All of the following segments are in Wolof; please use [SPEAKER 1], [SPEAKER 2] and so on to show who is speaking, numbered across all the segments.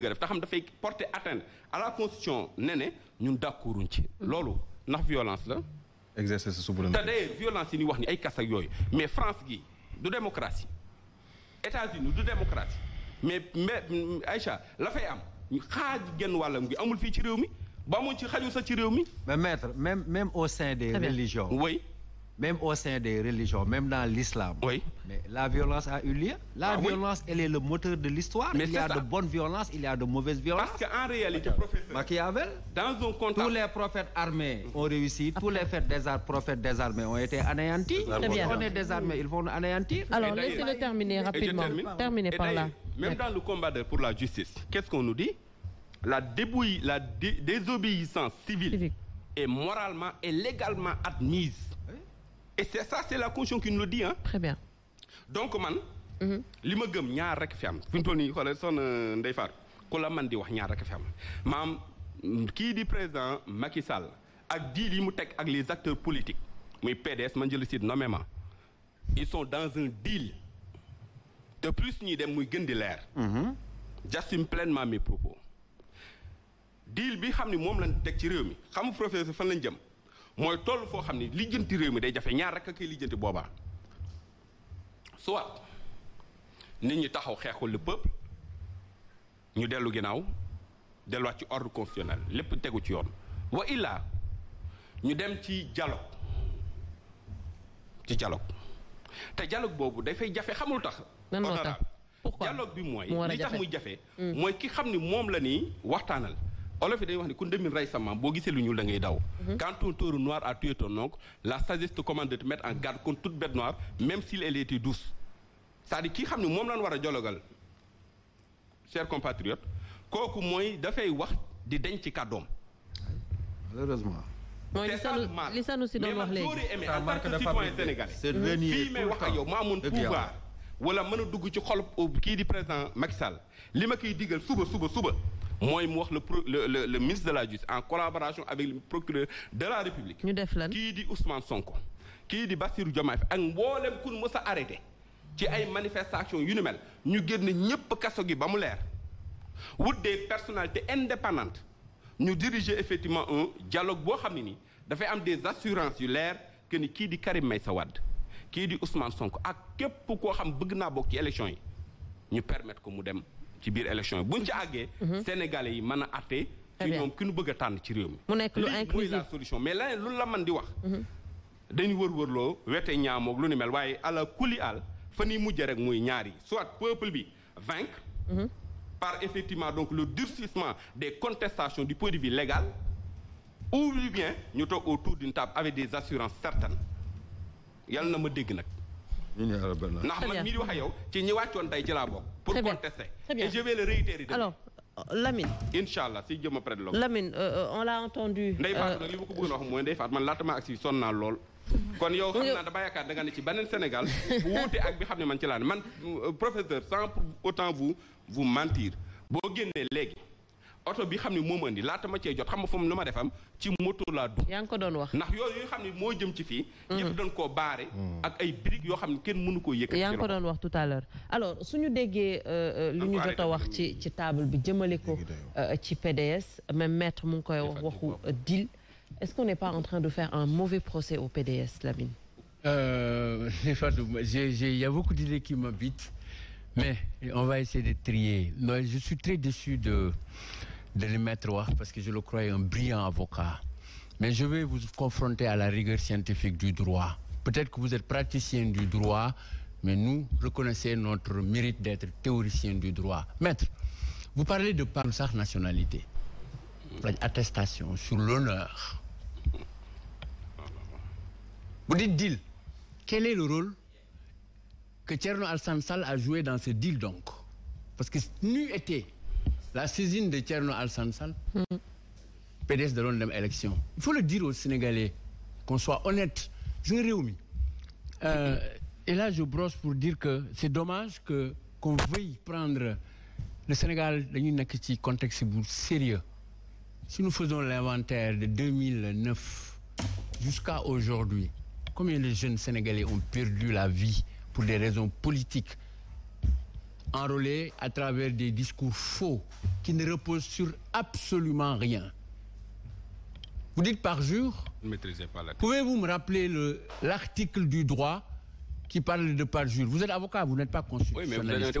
[SPEAKER 1] nga def te xam dafay porter atteinte à la constitution ne ne ñun d'accorduñ ci loolu ndax violence la exercer sa la te day violence yi ñuy wax ni ay kas ak yooyu mais France gi du démocratie États-Unis du démocratie mais mais Aïcha la am ñu xaaj genn wàllam gi amul fii ci réew mi ba amoon ci xajul sa ci réew mi mais même même au sein des religions oui même au sein des religions, même dans l'islam. Oui.
[SPEAKER 2] Mais la violence a
[SPEAKER 1] eu lieu. La ah, violence, oui. elle est le moteur de l'histoire. Il y a ça. de bonnes violences, il y a de mauvaises violences. Parce qu'en réalité, tous les prophètes armés ont réussi, ah. tous les des prophètes désarmés ont été anéantis. ils vont anéantir. Alors, laissez-le terminer rapidement. et légalement admise e c'est ça c'est la conscience qui nous le dit donc man. Mhm. li ma gëm ñaar rek fi am fi mu toll nii xoolal soxna Ndeye Fatou ku la man di wax ñaar rek fi am maam kii di président Macky Sall ak diil yi mu teg ak les acteurs politiques muy PDS man jël si nommément ils sont dans un deal de plus ñuy dem muy gën di leer. Mhm. j'assume pleinement mes propos. deal bi xam ni moom lañ teg ci réew mi xamu professeur fan lañ jëm. mooy toll foo xam ne lijjanti réew mi day jafe ñaar rek a koy lijjanti boobaa soit nit ñi taxaw xeexul le peuple ñu dellu ginnaaw delluwaat ci ordre constitutionnel lépp tegu ci yoon wa illaa ñu dem ci dialogue ci dialogue te dialogue boobu dafay jafe xamul tax honorable bi mooy li tax muy jafe hmm. mooy ki xam ni moom la nii waxtaanal olof yi dañuy wax ni ku ndëmin rey sa maam boo gisee lu ñuul da ngay daw. Mhm. quand ton noir a tué ton oncle la sagesse te commande de te mettre en garde contre toute bête noire même s'il elle douce c'est-à-dire kii xam ne moom lañ war a jologal chers compatriotes kooku mooy dafay wax di denc ci kàddoom. malheureusement. mooy li sanu li si doon wax léegi mais man en tant que citoyen sénégalais. fii may wax ak yow ma amoon pouvoir wala mën a dugg ci xol kii di président Macky li ma koy diggal suba suba suba. mooy mu wax le pro le le le ministre de la justice en collaboration avec le procureur de la république. ñu def lan kii di Ousmane Sonko. kii di Bassirou Diomaye ak mboolem ku mës a arrêté ci ay manifestations yu ni mel ñu génn ñépp kaso gi ba mu leer wut des personnalités indépendante ñu diriger effectivement un dialogue boo xam ne ni dafay am des assurances yu leer que ni kii di Karim Meïssa Wade kii di usman sonk ak képp koo xam bëgg naa bokk ci élection yi ñu permettre ko mu dem. ci biir élection yi buñ ci àggee. Mhm. Sénégalais yi mën a àtte. ci ñoom ki ñu bëgg a tànn ci réew mi. mu nekk lu inclusif la solution mais leneen lu la man di wax. Mhm. dañu wër loo wete ñaamoog lu ni mel waaye ala kuli al fa ñuy mujjee rek muy ñaari soit peuple bi vaincre. Mhm. par effectivement donc le durcissement des contestations du point de vue légal ou bien ñu toog autour d'une table avec des assurances certaines yàlla na ma dégg nag. ndax man mii di wax ak yow ci ñi wàccoon tey ci laa bokk pour contester et je vais le réitérer alors euh, Lamine incha si jëm après de Lamine euh, euh, on l'a entendu Ndeye Fatou nag li ma ko bëggoon mooy Ndeye Fatou man laatama ak si sonn naa lool kon yow xam naa dama yaakaar da nga ne ci beneen Sénégal wuute ak bi xam ne man ci laa man professeur sans pour autant vous vous mentir boo génnee léegi oto bi xam ne moom andi laata ma cee jot xam nga fu mu nu ma defam ci moto laa dugg. yaa ngi ko doon wax ndax yooyu xam ne moo jëm ci fii. yëpp mm. doon koo baare. Mm. ak ay briques yoo xam ne kenn mënu koo yëkkati. yaa ngi ko doon wax tout à l'heure suñu déggee euh, euh, lu ñu jot a wax ci ci table bi jëmale ko euh, ci PDS même maître mu ngi koy wax waxu deal est-ce qu'on n'est pas en train de faire un mauvais procès au PDS Lamine.
[SPEAKER 2] Euh, j'ai, j'ai, il y a beaucoup d'idées qui m'habitent. mais on va essayer de trier Noël je suis très déçu de de le mettre wax parce que je le croyais un brillant avocat mais je vais vous confronter à la rigueur scientifique du droit peut-être que vous êtes praticien du droit mais nous reconnaissez notre mérite d'être théoricien du droit maître vous parlez de par sax nationalité attestation sur l'honneur vous dites deal quel est le rôle que Thierno Alassane Sall a joué dans ce deal donc parce que nu été la saisine de Thierno Alassane Sall PDS da de dem élection il faut le dire aux Sénégalais qu'on soit honnête je nga réew mi et là je brosse pour dire que c'est dommage que qu'on veuille prendre le Sénégal dañuy nekk ci contexte bu sérieux si nous faisons l'inventaire de 2009 jusqu'à aujourd'hui combien de jeunes Sénégalais ont perdu la vie pour des raisons politiques enrôlés à travers des discours faux qui ne reposent sur absolument rien. Vous dites par jour. Ne maîtrisez pas la Pouvez-vous me rappeler l'article du droit qui parle de par jour Vous êtes avocat, vous n'êtes pas constitutionnaliste.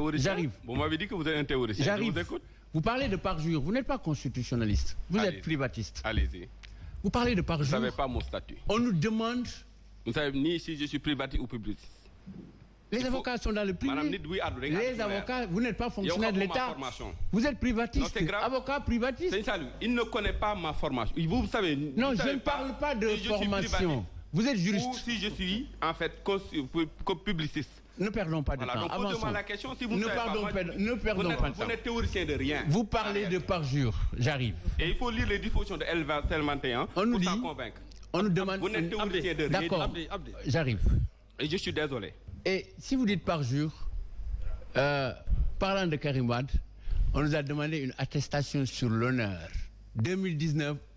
[SPEAKER 2] vous
[SPEAKER 1] êtes un
[SPEAKER 2] Vous parlez de par jour, vous n'êtes pas constitutionnaliste. Vous êtes privatiste. Vous parlez de par vous On nous demande. Vous ne savez ni si je suis privatiste ou publiciste. les
[SPEAKER 1] avocats sont dans le privé les avocats
[SPEAKER 2] vous n'êtes pas fonctionnaire de l'État vous êtes privatiste
[SPEAKER 1] avocat privatiste il ne connaît pas ma formation non je ne parle pas de formation vous êtes juriste si je suis en fait publiciste ne
[SPEAKER 2] perdons pas de temps avançons la ne perdons pas, de
[SPEAKER 1] théoricien de rien vous parlez de parjure j'arrive et il faut lire les dispositions de L21 d'accord j'arrive et je suis désolé
[SPEAKER 2] Et si vous dites parjure, euh, parlant de Karim Wade, on nous a demandé une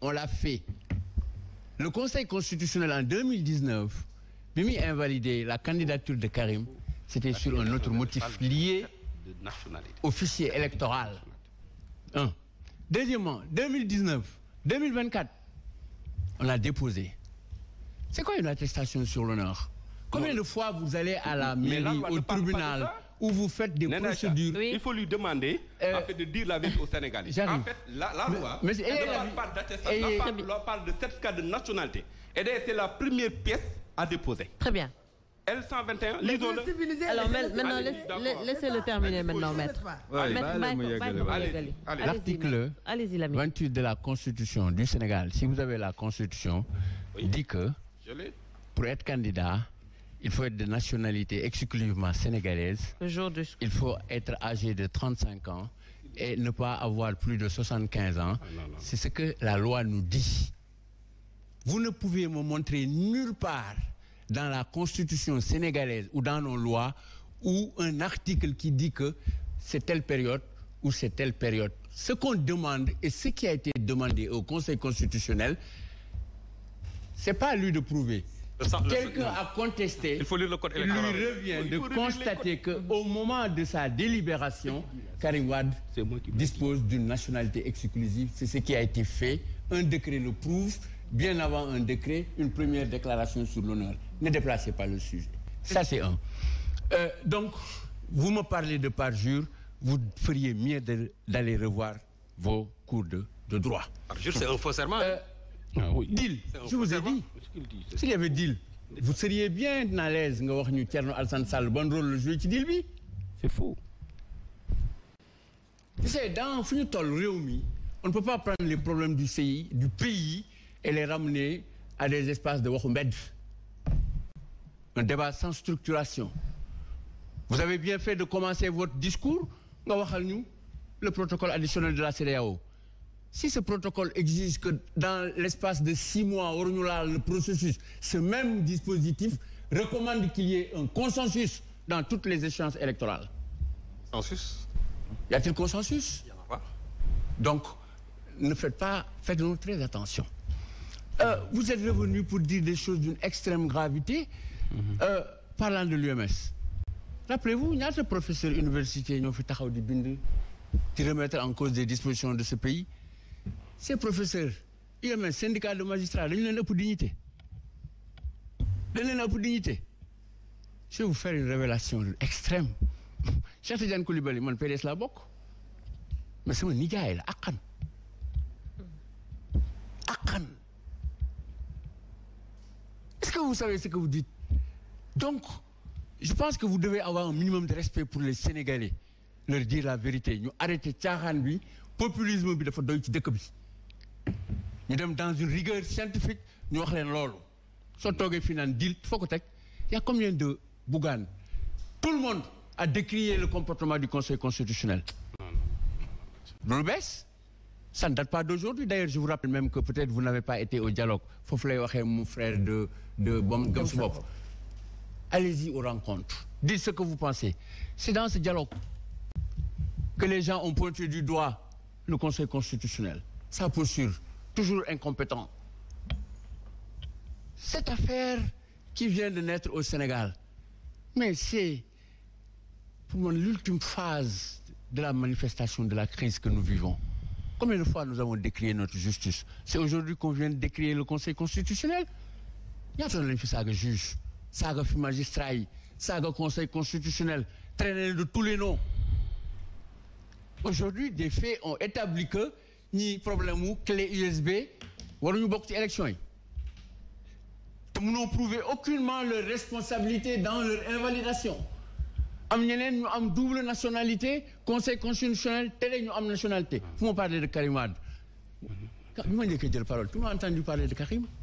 [SPEAKER 2] l'a fait. Le Conseil constitutionnel en 2019, Mimi a invalidé la candidature de Karim. C'était sur un autre motif lié au fichier électoral. Un. Deuxièmement, 2019, 2024, on l'a déposé. C'est quoi une attestation sur l'honneur Combien de fois vous allez à la mairie, au tribunal, où vous faites des
[SPEAKER 1] procédures Il faut lui demander euh, en fait, de la vérité aux Sénégalais. En la, loi eh, eh, eh, Et la première pièce à déposer. Très bien. laissez-le terminer maintenant, maître.
[SPEAKER 2] L'article de la Constitution du Sénégal, si vous avez la Constitution, dit que pour être candidat, il faut être de nationalité exclusivement sénégalaise. Le jour du il faut être plus de 75 ans. Ah, c'est ce que la loi nous dit. Vous ne pouvez la constitution sénégalaise ou dans nos lois ou qui dit que c'est période ou c'est telle période. Ce au Conseil constitutionnel, c'est pas à de prouver. quelqu'un a contesté, il le code électoral. lui revient de constater que au moment de sa délibération, Karim Wade dispose d'une nationalité exclusive. C'est ce qui a été fait. Un décret le prouve. Bien avant un décret, une première déclaration sur l'honneur. Ne déplacez pas le sujet. c'est un. Euh, donc, vous me parlez de parjure, vous feriez mieux d'aller revoir vos cours de, de droit.
[SPEAKER 1] Parjure, c'est un faux serment. Euh,
[SPEAKER 2] ah oui deal je vous ai dit y avait deal vous seriez bien à l'aise nga wax ñu Thierno Alassane Sall ban rôle la joué ci deal bi c'est faux. tu dans fu ñu toll réew mi on ne peut pas prendre les problèmes du pays et les ramener à des espaces de waxu mbedd un débat sans structuration vous avez bien fait de commencer votre discours nga waxal ñu le protocole additionnel de la CEDEAO si ce protocole exige que dans l'espace de six mois waruñu laal le processus ce même dispositif recommande qu'il y ait un consensus dans toutes les échéances électorales consensus y a-t-il consensus donc ne faites pas faites-nous très attention euh, vous êtes revenu pour dire des choses d'une extrême gravité mm-hmm. euh, parlant de l'UMS rappelez-vous ñaata professeur université ñoo fi taxaw di bind di remettre en cause des dispositions de ce pays ces professeurs UMS syndicat de magistrats dañu leen ëpp dignité dañu leen ëpp dignité je vais vous faire une révélation extrême Cheikh Tidiane Coulibaly man PDS laa bokk mais sama nijaay la akkan akkan est-ce que vous savez ce que vous dites donc je pense que vous devez avoir un minimum de respect pour les Sénégalais leur dire la vérité ñu arrêter caaxaan bi populisme bi dafa doy ci dëkk bi ñu dem dans une rigueur scientifique ñu wax leen loolu soo toogee fii naan deal foo ko teg y' combien de Bougane tout le monde a décrié le comportement du conseil constitutionnel. loolu bees ça ne date pas d'aujourd'hui d'ailleurs je vous même que peut-être vous n'avez pas été au dialogue foofu lay waxee mon frère de de bom gëm su bopp allez-y aux rencontres dites ce que vous pensez c'est dans ce dialogue que les gens ont pointé du doigt le conseil constitutionnel ça toujours incompétent cette affaire qui vient de naître au Sénégal mais c'est pour moi l'ultime phase de la manifestation de la crise que nous vivons combien de fois nous avons décrié notre justice c'est aujourd'hui qu'on vient de décrier le Conseil constitutionnel ñaata yoon lañ fi saaga juge saaga fi magistrat yi saaga Conseil constitutionnel traîné de tous les noms aujourd'hui des faits ont établi que ñii problème mu clé USB waruñu bokk ci élection yi te mënoo prouver aucunement leur responsabilité dans leur invalidation am ñeneen ñu am double nationalité conseil constitutionnel tere ñu am nationalité fu ma parler de Karim nu bi ma njëkkee jël parole tu m'as entendu parler de Karim